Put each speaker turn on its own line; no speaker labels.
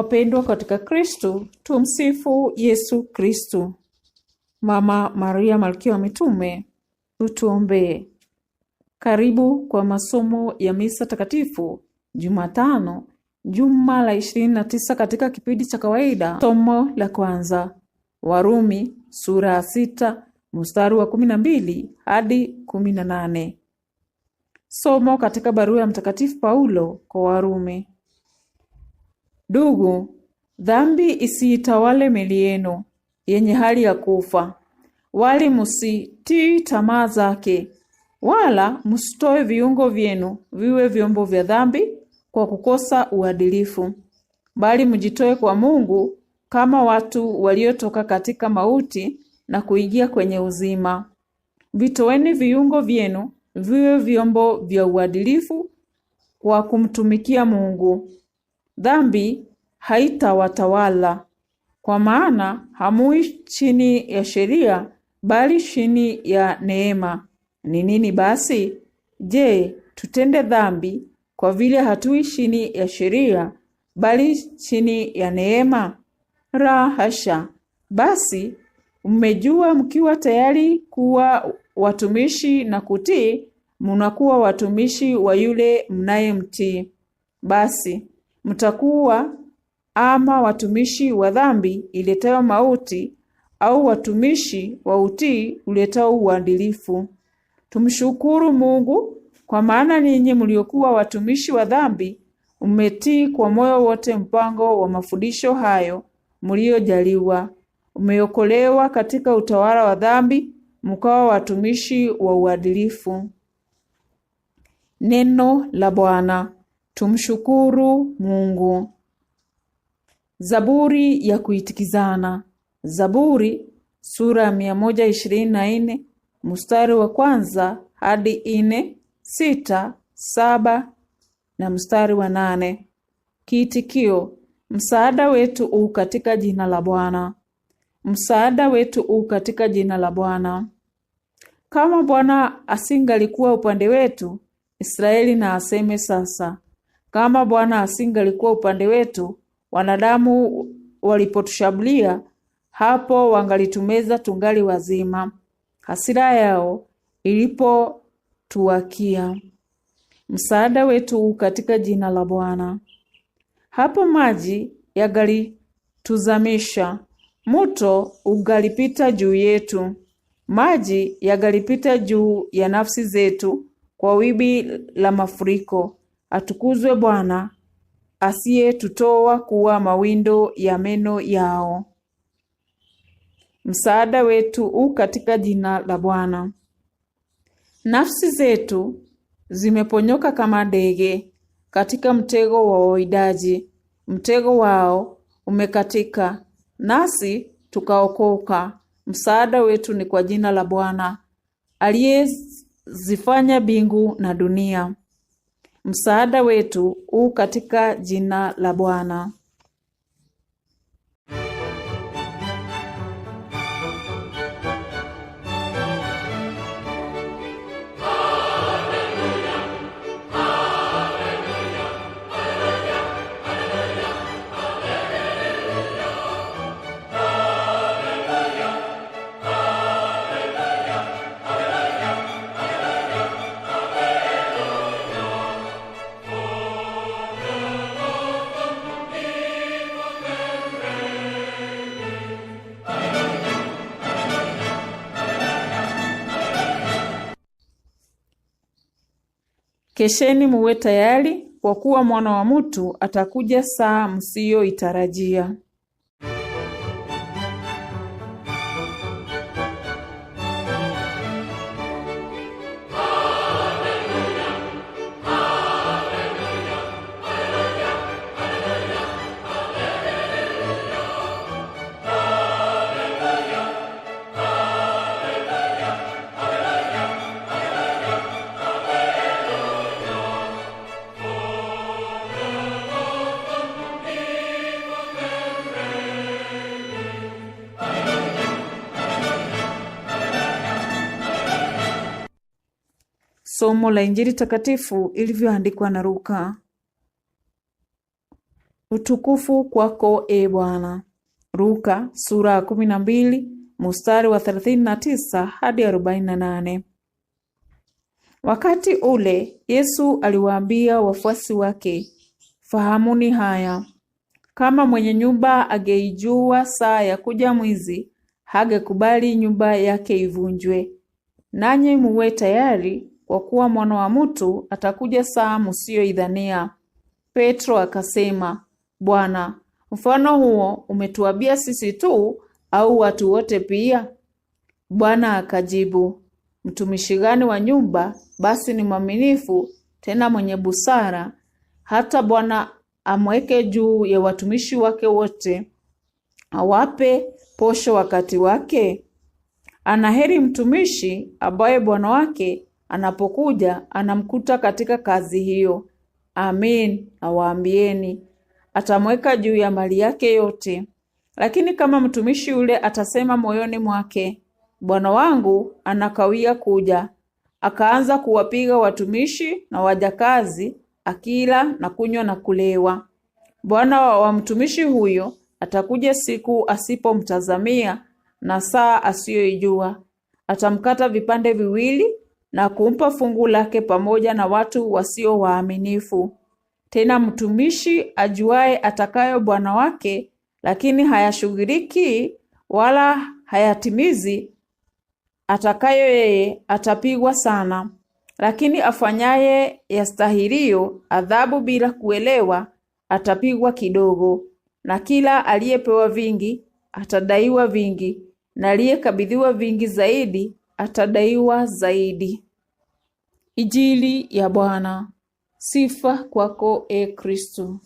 Wapendwa katika Kristu, tumsifu Yesu Kristu. Mama Maria malkia wa mitume, tutuombee. Karibu kwa masomo ya misa takatifu Jumatano, juma la ishirini na tisa katika kipindi cha kawaida. Somo la kwanza, Warumi sura ya sita mstari wa kumi na mbili hadi kumi na nane. Somo katika barua ya Mtakatifu Paulo kwa Warumi. Dugu, dhambi isiitawale mili yenu yenye hali ya kufa, wali musitii tamaa zake, wala msitoe viungo vyenu viwe vyombo vya dhambi kwa kukosa uadilifu, bali mjitoe kwa Mungu kama watu waliotoka katika mauti na kuingia kwenye uzima. Vitoweni viungo vyenu viwe vyombo vya uadilifu kwa kumtumikia Mungu, dhambi haitawatawala kwa maana hamui chini ya sheria bali chini ya neema. Ni nini basi? Je, tutende dhambi kwa vile hatui chini ya sheria bali chini ya neema? Rahasha! hasha! Basi mmejua mkiwa tayari kuwa watumishi na kutii, mnakuwa watumishi wa yule mnayemtii. Basi mtakuwa ama watumishi wa dhambi iletayo mauti, au watumishi wa utii uletao uadilifu. Tumshukuru Mungu, kwa maana ninyi mliokuwa watumishi wa dhambi umetii kwa moyo wote mpango wa mafundisho hayo mliojaliwa, umeokolewa katika utawala wa dhambi, mkawa watumishi wa uadilifu. Neno la Bwana. Tumshukuru Mungu. Zaburi ya kuitikizana. Zaburi sura ya mia moja ishirini na nne mstari wa kwanza hadi nne sita saba na mstari wa nane. Kiitikio: msaada wetu u katika jina la Bwana. Msaada wetu u katika jina la Bwana. Kama Bwana asingalikuwa upande wetu, Israeli na aseme sasa kama Bwana asingalikuwa upande wetu, wanadamu walipotushambulia hapo, wangalitumeza tungali wazima. Hasira yao ilipotuwakia, msaada wetu katika jina la Bwana. Hapo maji yagalituzamisha, muto ugalipita juu yetu, maji yagalipita juu ya nafsi zetu kwa wibi la mafuriko Atukuzwe Bwana asiyetutoa kuwa mawindo ya meno yao. Msaada wetu u katika jina la Bwana. Nafsi zetu zimeponyoka kama ndege katika mtego wa waidaji mtego wao umekatika, nasi tukaokoka. Msaada wetu ni kwa jina la Bwana aliyezifanya mbingu na dunia. Msaada wetu u katika jina la Bwana Kesheni muwe tayari, kwa kuwa Mwana wa mtu atakuja saa msiyoitarajia Somo la Injili takatifu ilivyoandikwa na Luka. Utukufu kwako e Bwana. Luka sura ya kumi na mbili mstari wa thelathini na tisa hadi arobaini na nane. Wakati ule Yesu aliwaambia wafuasi wake, fahamuni haya, kama mwenye nyumba ageijua saa ya kuja mwizi, hagekubali nyumba yake ivunjwe. Nanyi muwe tayari, kwa kuwa Mwana wa mtu atakuja saa msiyoidhania. Petro akasema, Bwana, mfano huo umetuambia sisi tu au watu wote pia? Bwana akajibu, mtumishi gani wa nyumba basi ni mwaminifu tena mwenye busara, hata bwana amweke juu ya watumishi wake wote, awape posho wakati wake? Anaheri mtumishi ambaye bwana wake anapokuja anamkuta katika kazi hiyo. Amin, nawaambieni atamweka juu ya mali yake yote. Lakini kama mtumishi yule atasema moyoni mwake, bwana wangu anakawia kuja, akaanza kuwapiga watumishi na wajakazi, akila na kunywa na kulewa, bwana wa mtumishi huyo atakuja siku asipomtazamia na saa asiyoijua, atamkata vipande viwili na kumpa fungu lake pamoja na watu wasio waaminifu. Tena mtumishi ajuaye atakayo bwana wake, lakini hayashughuliki wala hayatimizi atakayo yeye, atapigwa sana. Lakini afanyaye yastahilio adhabu bila kuelewa, atapigwa kidogo. Na kila aliyepewa vingi atadaiwa vingi, na aliyekabidhiwa vingi zaidi atadaiwa zaidi. ijili ya Bwana. Sifa kwako, e Kristo.